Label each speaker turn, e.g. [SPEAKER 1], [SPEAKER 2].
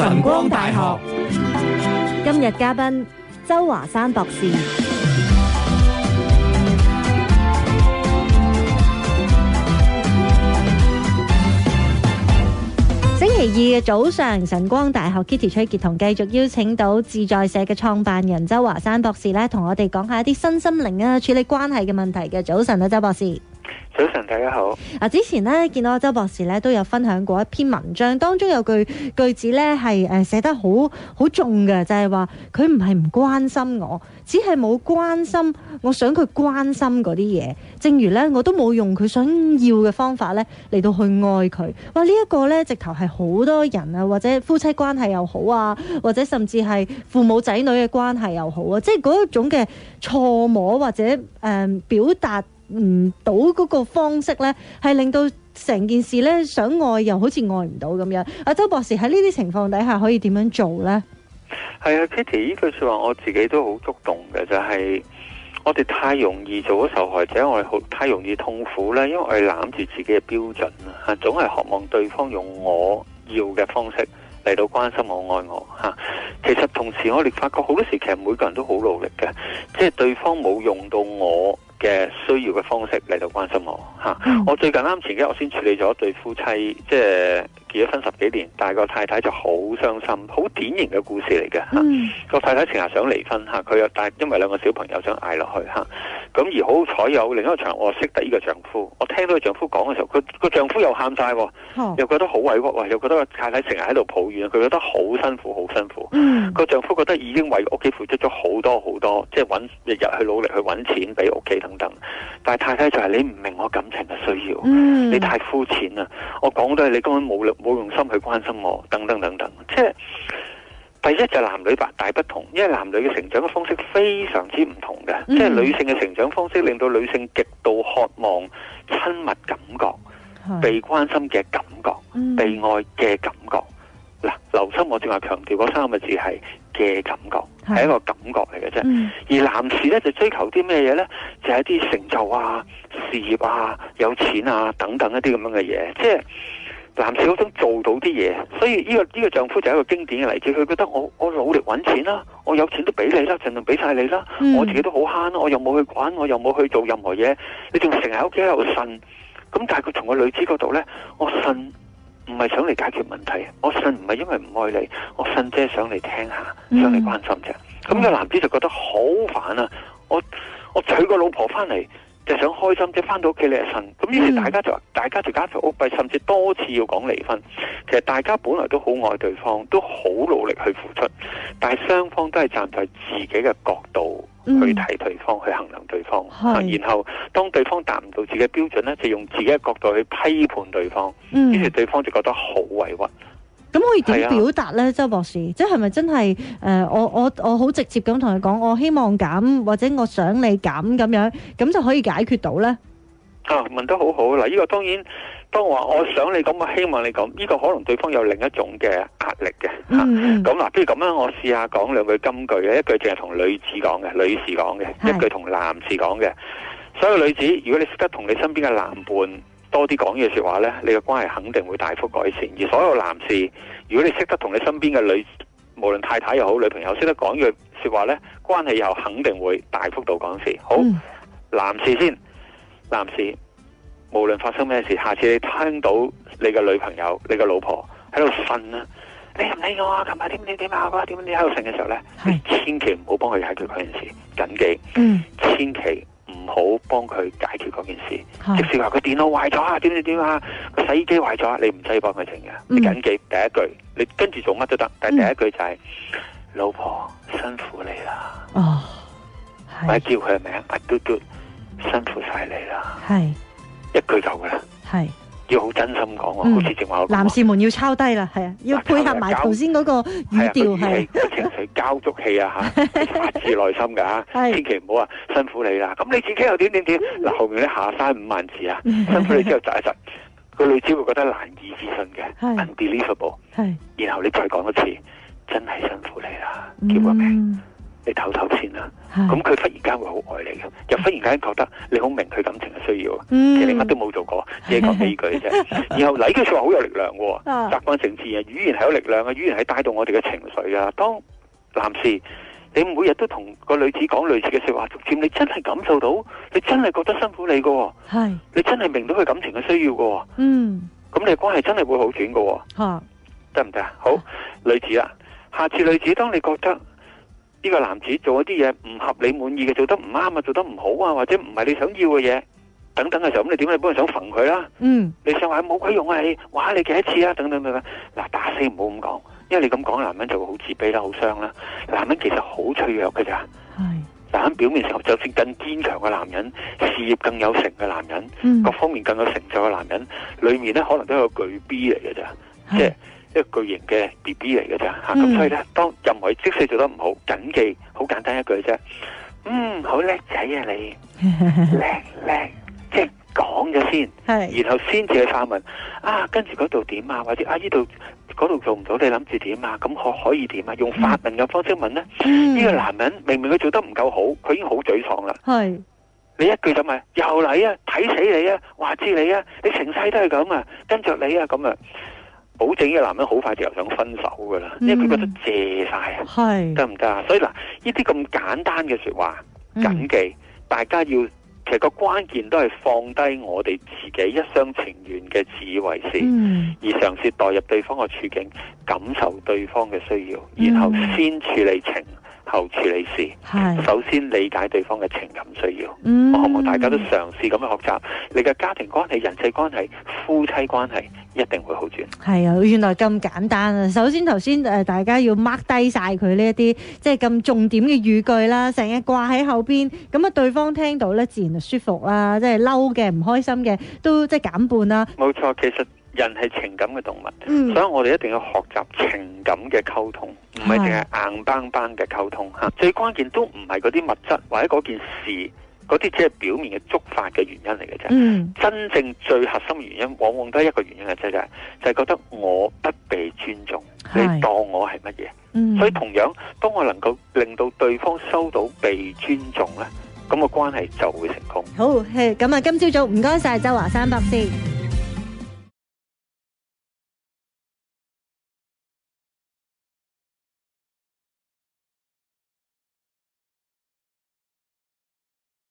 [SPEAKER 1] 晨光大學
[SPEAKER 2] 今日嘉賓周華山博士。星期二嘅早上，晨光大學 Kitty 崔潔同繼續邀請到自在社嘅創辦人周華山博士咧，同我哋講下一啲身心靈啊處理關係嘅問題嘅。早晨啊，周博士。早晨，大家好。啊、之前咧見到周博士咧都有分享過一篇文章，當中有句句子咧係誒寫得好好重嘅，就係話佢唔係唔關心我，只係冇關心我想佢關心嗰啲嘢。正如咧，我都冇用佢想要嘅方法咧嚟到去愛佢。哇！這個、呢一個咧直頭係好多人啊，或者夫妻關係又好啊，或者甚至係父母仔女嘅關係又好啊，即係嗰一種嘅錯摸或者誒、呃、表達。唔到嗰個方式咧，係令到成件事咧想愛又好似愛唔到咁樣。阿周博士喺，呢啲情況底下可以點樣做咧？
[SPEAKER 1] 係啊，Kitty，呢句說話我自己都好觸動嘅，就係我哋太容易做咗受害者，我哋好太容易痛苦咧，因為我哋攬住自己嘅標準啊，總係渴望對方用我要嘅方式嚟到關心我、愛我。吓，其實同時我哋發覺好多時其實每個人都好努力嘅，即係對方冇用到我嘅需要嘅方式嚟到關心我，吓、嗯，我最近啱前幾日我先處理咗一對夫妻，即係。結咗婚十幾年，但係個太太就好傷心，好典型嘅故事嚟嘅吓。個、嗯啊、太太成日想離婚吓，佢、啊、又但係因為兩個小朋友想嗌落去吓，咁、啊、而好彩有另一個場合我識得呢個丈夫。我聽到佢丈夫講嘅時候，佢個丈夫又喊晒，又覺得好委屈，又覺得個太太成日喺度抱怨，佢覺得好辛苦，好辛苦。個、嗯、丈夫覺得已經為屋企付出咗好多好多，即係日日去努力去揾錢俾屋企等等，但係太太就係你唔明我感情嘅需要，嗯、你太膚淺啦。我講到你根本冇力。冇用心去關心我，等等等等，即係第一就男女大不同，因為男女嘅成長嘅方式非常之唔同嘅，即係、嗯、女性嘅成長方式令到女性極度渴望親密感覺、是被關心嘅感覺、嗯、被愛嘅感覺。嗱，留心我正話強調嗰三個字係嘅感覺，係是一個感覺嚟嘅啫。嗯、而男士咧就追求啲咩嘢咧，就係、是、一啲成就啊、事業啊、有錢啊等等一啲咁樣嘅嘢，即係。男士好想做到啲嘢，所以呢、呢個呢、呢個丈夫就係一個經典嘅例子。佢覺得我我努力揾錢啦、啊，我有錢都俾你啦，盡量俾晒你啦。我自己都好慳啦，我又冇去管，我又冇去做任何嘢，你仲成日喺屋企喺度呻。咁但係佢從個女子嗰度呢，我呻唔係想嚟解決問題，我呻唔係因為唔愛你，我呻姐想嚟聽下，想嚟關心啫。咁、嗯、個男子就覺得好煩啊！我我娶個老婆翻嚟。就想開心，即翻到屋企咧神，咁於是大家就、嗯、大家條家就屋甚至多次要講離婚。其實大家本來都好愛對方，都好努力去付出，但係雙方都係站在自己嘅角度去睇對方，嗯、去衡量對方。的然後當對方達唔到自己嘅標準呢，就用自己嘅角度去批判對方，於、嗯、是對方就覺得好委屈。
[SPEAKER 2] 咁可以點表達呢？啊、周博士？即係咪真係誒、呃？我我我好直接咁同佢講，我希望減或者我想你減咁樣，咁就可以解決到呢？
[SPEAKER 1] 啊，問得好好嗱！呢、這個當然，當我話,我想你咁我希望你咁呢、這個可能對方有另一種嘅壓力嘅咁嗱，不如咁樣我試下講兩句金句嘅，一句淨係同女子講嘅，女士講嘅；是一句同男士講嘅。所以女子，如果你識得同你身邊嘅男伴。多啲講嘢說話呢，你嘅關係肯定會大幅改善。而所有男士，如果你識得同你身邊嘅女，無論太太又好，女朋友，識得講嘢說話呢，關係又肯定會大幅度改善。好，男士先，男士，無論發生咩事，下次你聽到你嘅女朋友、你嘅老婆喺度呻啊，你唔理我啊，琴日點點點啊，點點你喺度瞓嘅時候呢，你千祈唔好幫佢解決嗰件事，謹記，嗯，千祈。好幫佢解決嗰件事，是即使話佢電腦壞咗啊，點點點啊，洗衣機壞咗，你唔使幫佢整嘅。你緊記、嗯、第一句，你跟住做乜都得，但係第一句就係、是嗯、老婆辛苦你啦，係、哦、叫佢嘅名嘟嘟辛苦晒你啦，係是一句就噶啦，係。要好真心講喎，好似正話。男士
[SPEAKER 2] 們要抄低啦，係啊，要配合埋頭先嗰個語調係
[SPEAKER 1] 情緒交足氣啊嚇，保持耐心㗎，千祈唔好啊，辛苦你啦。咁你自己又點點點嗱，後面咧下山五萬字啊，辛苦你之後窒一窒，個女子會覺得難以置信嘅，unbelievable，係。然後你再講一次，真係辛苦你啦，叫個名。你唞唞先啦，咁佢是的 忽然間會好愛你嘅，又忽然間覺得你好明佢感情嘅需要，嗯、其實你乜都冇做過，只係講俾句啫。是的 然後禮節說話好有力量嘅，習慣成自然，語言係有力量嘅，語言係帶動我哋嘅情緒啊，當男士，你每日都同個女子講類似嘅說話，逐漸你真係感受到，你真係覺得辛苦你㗎係是的 你真係明到佢感情嘅需要
[SPEAKER 2] 嘅。
[SPEAKER 1] 嗯，咁你嘅關係真係會好轉嘅。得唔得啊行行？好，女子啊，下次女子當你覺得。呢個男子做一啲嘢唔合你滿意嘅，做得唔啱啊，做得唔好啊，或者唔係你想要嘅嘢等等嘅時候，咁你點解幫佢想馴佢啦。嗯。你想話冇、啊嗯、鬼用啊你？哇！你幾多次啊？等等等等。嗱，打死唔好咁講，因為你咁講，男人就會好自卑啦，好傷啦。男人其實好脆弱嘅咋。係是。嗱，喺表面上，就算更堅強嘅男人，事業更有成嘅男人，嗯、各方面更有成就嘅男人，裏面咧可能都有個巨 B 嚟嘅咋。係是。即一個巨型嘅 B B 嚟嘅啫，吓，咁所以咧，當任何即使做得唔好，謹記好簡單一句啫。嗯，好叻仔啊，你叻叻，即係講咗先，然後先至去發問。啊，跟住嗰度點啊？或者啊，呢度嗰度做唔到，你諗住點啊？咁可可以點啊？用發問嘅方式問咧，呢個男人明明佢做得唔夠好，佢已經好沮喪啦。
[SPEAKER 2] 係
[SPEAKER 1] 你一句就問，又嚟啊睇死你啊，話知你啊，你成世都係咁啊，跟着你啊咁啊。保證呢個男人好快就又想分手噶啦，嗯、因為佢覺得借晒啊，得唔得啊？所以嗱，呢啲咁簡單嘅說話，
[SPEAKER 2] 謹記、
[SPEAKER 1] 嗯、大家要，其實個關鍵都係放低我哋自己一廂情願嘅自以為是，嗯、而嘗試代入對方嘅處境，感受對方嘅需要，然後先處理情，嗯、後處理事。係是，首先理解對方嘅情感需要，可唔可以大家都嘗試咁樣學習，你嘅家庭關係、人際關係、夫妻關係。一定會好轉。
[SPEAKER 2] 係啊，原來咁簡單啊！首先頭先誒，大家要掹低曬佢呢一啲，即係咁重點嘅語句啦，成日掛喺後邊，咁啊對方聽到咧，自然就舒服啦，即係嬲嘅、唔開心嘅都即係減半啦。
[SPEAKER 1] 冇錯，其實人係情感嘅動物，所以我哋一定要學習情感嘅溝通，唔係淨係硬邦邦嘅溝通嚇。最關鍵都唔係嗰啲物質或者嗰件事。嗰啲只係表面嘅觸發嘅原因嚟嘅啫，真正最核心嘅原因往往都係一個原因嘅啫，就係就係覺得我不被尊重，是你當我係乜嘢？嗯、所以同樣，當我能夠令到對方收到被尊重咧，咁個關係就會成功。好，咁啊，今朝早唔該晒周華山博士。